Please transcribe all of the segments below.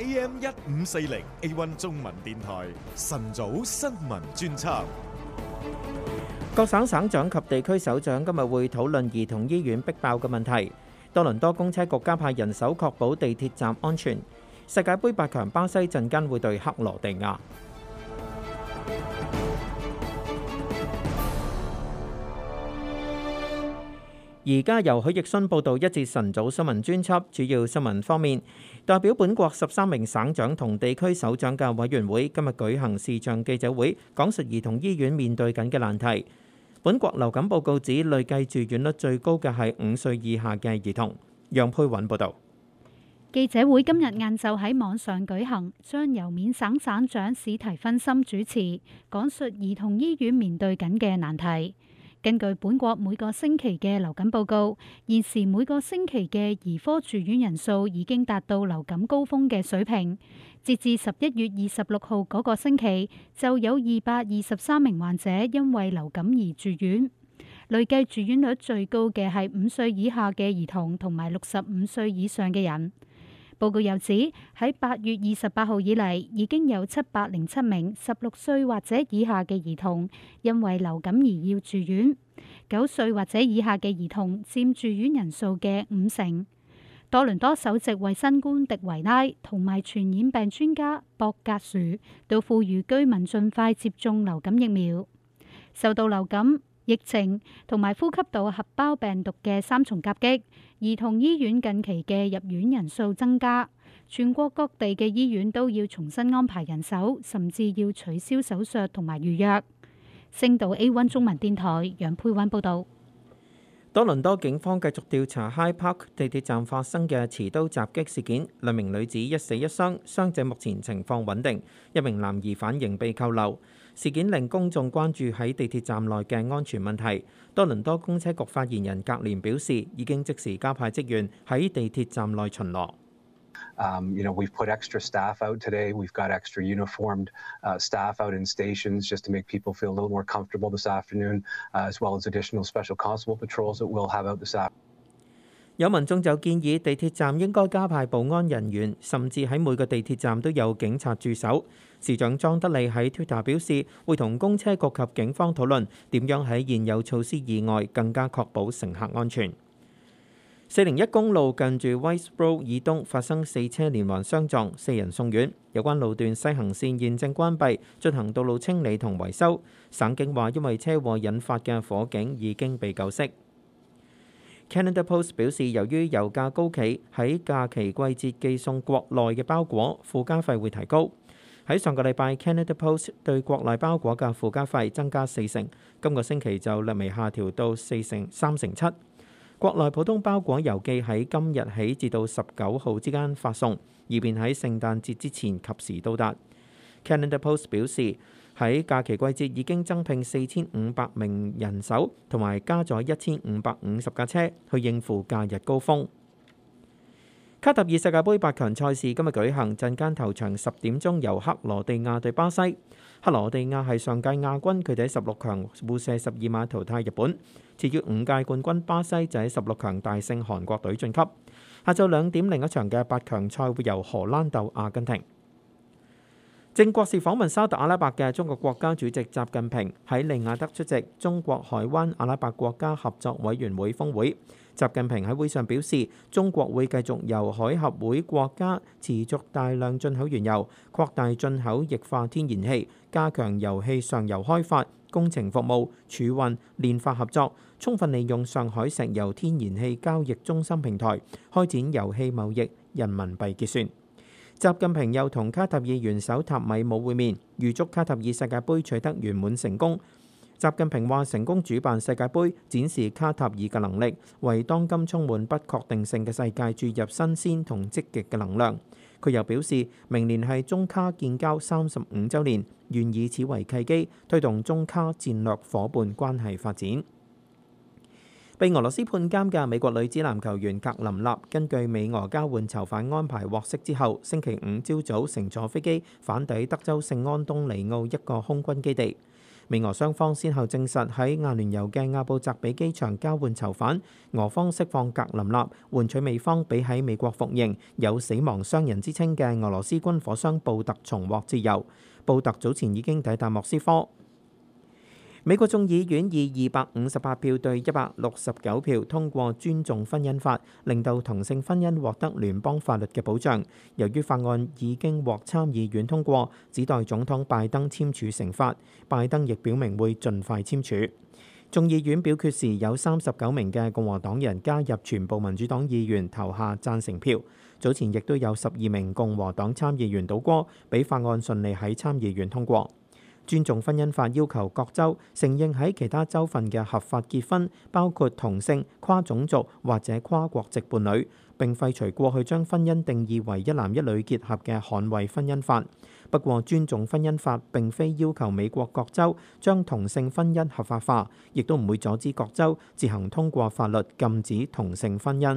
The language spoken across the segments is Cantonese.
AM 一五四零、A One 中文電台晨早新聞專輯。各省省長及地區首長今日會討論兒童醫院逼爆嘅問題。多倫多公車局加派人手確保地鐵站安全。世界杯八強巴西陣間會對克羅地亞。而家由許奕迅報道一節晨早新聞專輯。主要新聞方面。代表本國十三名省長同地區首長嘅委員會今日舉行視像記者會，講述兒童醫院面對緊嘅難題。本國流感報告指，累計住院率最高嘅係五歲以下嘅兒童。楊佩韻報道：記者會今日晏晝喺網上舉行，將由緬省省，省長史提芬森主持，講述兒童醫院面對緊嘅難題。根據本國每個星期嘅流感報告，現時每個星期嘅兒科住院人數已經達到流感高峰嘅水平。截至十一月二十六號嗰個星期，就有二百二十三名患者因為流感而住院。累計住院率最高嘅係五歲以下嘅兒童同埋六十五歲以上嘅人。報告又指喺八月二十八號以嚟，已經有七百零七名十六歲或者以下嘅兒童因為流感而要住院。九歲或者以下嘅兒童佔住院人數嘅五成。多倫多首席衛生官迪維拉同埋傳染病專家博格殊都呼籲居民盡快接種流感疫苗，受到流感疫情同埋呼吸道合胞病毒嘅三重夾擊，兒童醫院近期嘅入院人數增加，全國各地嘅醫院都要重新安排人手，甚至要取消手術同埋預約。星島 A1 中文電台楊佩韻報導。多倫多警方繼續調查 High Park 地鐵站發生嘅持刀襲擊事件，兩名女子一死一傷，傷者目前情況穩定，一名男疑犯仍被扣留。事件令公眾關注喺地鐵站內嘅安全問題。多倫多公車局發言人格連表示，已經即時加派職員喺地鐵站內巡邏。有民眾就建議地鐵站應該加派保安人員，甚至喺每個地鐵站都有警察駐守。市長莊德利喺 Twitter 表示，會同公車局及警方討論點樣喺現有措施以外更加確保乘客安全。四零一公路近住 White Road 以東發生四車連環相撞，四人送院。有關路段西行線現正關閉進行道路清理同維修。省警話，因為車禍引發嘅火警已經被救熄。Canada Post 表示，由於油價高企，喺假期季節寄送國內嘅包裹附加費會提高。喺上個禮拜，Canada Post 對國內包裹嘅附加費增加四成，今個星期就略微下調到四成三成七。國內普通包裹郵寄喺今日起至到十九號之間發送，以便喺聖誕節之前及時到達。Canada Post 表示，喺假期季節已經增聘四千五百名人手，同埋加咗一千五百五十架車去應付假日高峰。卡塔爾世界盃八強賽事今日舉行，陣間頭場十點鐘由克羅地亞對巴西。克羅地亞係上屆亞軍，佢哋喺十六強互射十二碼淘汰日本。至於五屆冠軍巴西就喺十六強大勝韓國隊晉級。下晝兩點另一場嘅八強賽會由荷蘭鬥阿根廷。正國事訪問沙特阿拉伯嘅中國國家主席習近平喺利雅德出席中國海灣阿拉伯國家合作委員會峯會。習近平喺會上表示，中國會繼續由海合會國家持續大量進口原油，擴大進口液化天然氣，加強油氣上游開發、工程服務、儲運、煉化合作，充分利用上海石油天然氣交易中心平台，開展油氣貿易、人民幣結算。習近平又同卡塔爾元首塔米姆會面，預祝卡塔爾世界盃取得圓滿成功。習近平話：成功主辦世界盃，展示卡塔爾嘅能力，為當今充滿不確定性嘅世界注入新鮮同積極嘅能量。佢又表示，明年係中卡建交三十五週年，願以此為契機，推動中卡戰略伙伴關係發展。被俄羅斯判監嘅美國女子籃球員格林納，根據美俄交換囚犯安排獲釋之後，星期五朝早乘坐飛機返抵德州聖安東尼奧一個空軍基地。美俄雙方先後證實喺阿聯酋嘅阿布扎比機場交換囚犯，俄方釋放格林納，換取美方俾喺美國服刑有死亡商人之稱嘅俄羅斯軍火商布特重獲自由。布特早前已經抵達莫斯科。美國眾議院以二百五十八票對一百六十九票通過尊重婚姻法，令到同性婚姻獲得聯邦法律嘅保障。由於法案已經獲參議院通過，只待總統拜登簽署成法。拜登亦表明會盡快簽署。眾議院表決時有三十九名嘅共和黨人加入全部民主黨議員投下贊成票。早前亦都有十二名共和黨參議員倒戈，俾法案順利喺參議院通過。尊重婚姻法要求各州承認喺其他州份嘅合法結婚，包括同性、跨種族或者跨國籍伴侶，並廢除過去將婚姻定義為一男一女結合嘅捍衛婚姻法。不過尊重婚姻法並非要求美國各州將同性婚姻合法化，亦都唔會阻止各州自行通過法律禁止同性婚姻。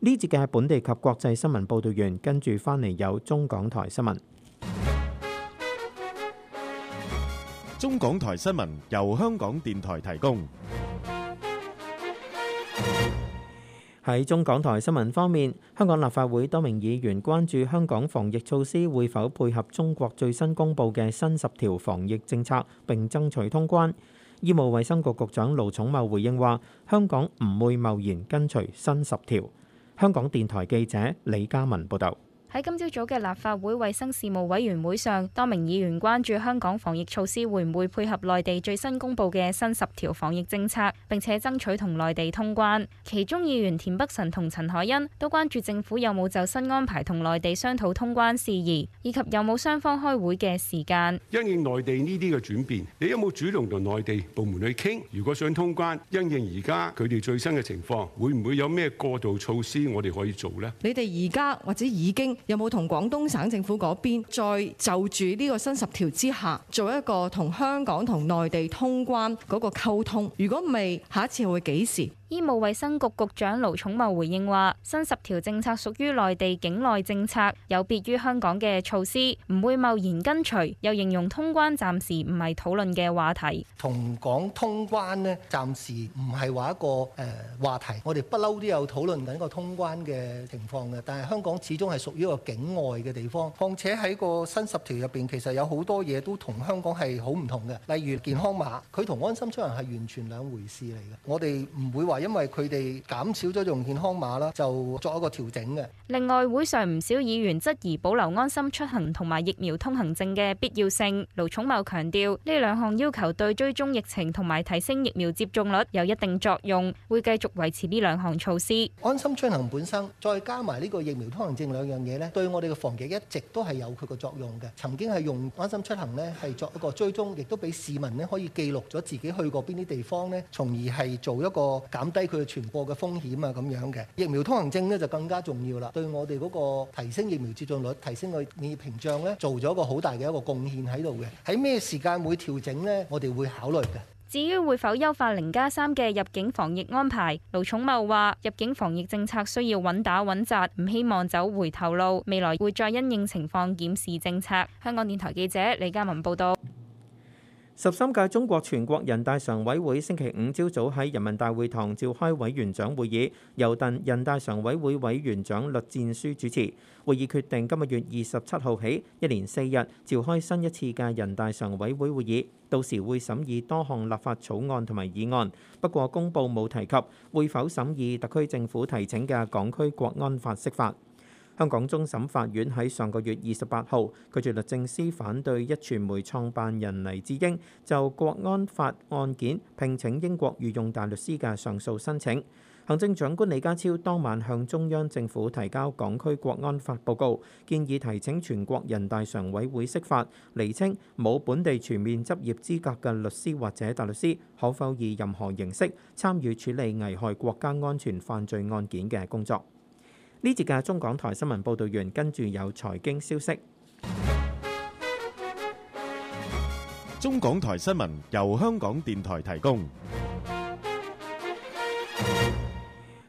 呢節嘅本地及國際新聞報道員跟住翻嚟有中港台新聞。中港台新聞由香港電台提供。喺中港台新聞方面，香港立法會多名議員關注香港防疫措施會否配合中國最新公布嘅新十條防疫政策，並爭取通關。醫務衛生局局長盧寵茂回應話，香港唔會貿然跟隨新十條。香港電台記者李嘉文報道。喺今朝早嘅立法會衛生事務委員會上，多名議員關注香港防疫措施會唔會配合內地最新公布嘅新十條防疫政策，並且爭取同內地通關。其中議員田北辰同陳凱欣都關注政府有冇就新安排同內地商討通關事宜，以及有冇雙方開會嘅時間。因應內地呢啲嘅轉變，你有冇主動同內地部門去傾？如果想通關，因應而家佢哋最新嘅情況，會唔會有咩過渡措施我哋可以做呢？你哋而家或者已經？有冇同廣東省政府嗰邊再就住呢個新十條之下，做一個同香港同內地通關嗰個溝通？如果未，下一次會幾時？醫務衛生局局長盧寵茂回應話，新十條政策屬於內地境內政策，有別於香港嘅措施，唔會貿然跟隨。又形容通關暫時唔係討論嘅話題。同講通關咧，暫時唔係話一個誒、呃、話題。我哋不嬲都有討論緊個通關嘅情況嘅。但係香港始終係屬於一個境外嘅地方。況且喺個新十條入邊，其實有好多嘢都同香港係好唔同嘅。例如健康碼，佢同安心出行係完全兩回事嚟嘅。我哋唔會話。因為佢哋減少咗用健康碼啦，就作一個調整嘅。另外，會上唔少議員質疑保留安心出行同埋疫苗通行證嘅必要性。盧寵茂強調，呢兩項要求對追蹤疫情同埋提升疫苗接種率有一定作用，會繼續維持呢兩項措施。安心出行本身，再加埋呢個疫苗通行證兩樣嘢呢，對我哋嘅防疫一直都係有佢個作用嘅。曾經係用安心出行呢，係作一個追蹤，亦都俾市民呢可以記錄咗自己去過邊啲地方呢，從而係做一個減減低佢嘅傳播嘅風險啊，咁樣嘅疫苗通行證咧就更加重要啦。對我哋嗰個提升疫苗接種率、提升佢免疫屏障咧，做咗一個好大嘅一個貢獻喺度嘅。喺咩時間會調整咧？我哋會考慮嘅。至於會否優化零加三嘅入境防疫安排？盧寵茂話：入境防疫政策需要穩打穩扎，唔希望走回頭路。未來會再因應情況檢視政策。香港電台記者李嘉文報道。十三屆中國全國人大常委會星期五朝早喺人民大會堂召開委員長會議，由鄧人大常委會委員長栗戰書主持。會議決定今個月二十七號起一連四日召開新一次嘅人大常委會會議，到時會審議多項立法草案同埋議案。不過公佈冇提及會否審議特區政府提請嘅港區國安法釋法。香港終審法院喺上個月二十八號拒絕律政司反對一傳媒創辦人黎智英就國安法案件聘請英國御用大律師嘅上訴申請。行政長官李家超當晚向中央政府提交港區國安法報告，建議提請全國人大常委會釋法，釐清冇本地全面執業資格嘅律師或者大律師，可否以任何形式參與處理危害國家安全犯罪案件嘅工作。呢節嘅中港台新聞報道完，跟住有財經消息。中港台新聞由香港電台提供。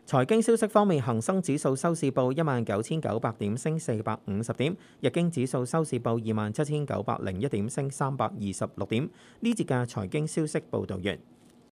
財經消息方面，恒生指數收市報一萬九千九百點，升四百五十點；日經指數收市報二萬七千九百零一點，升三百二十六點。呢節嘅財經消息報道完。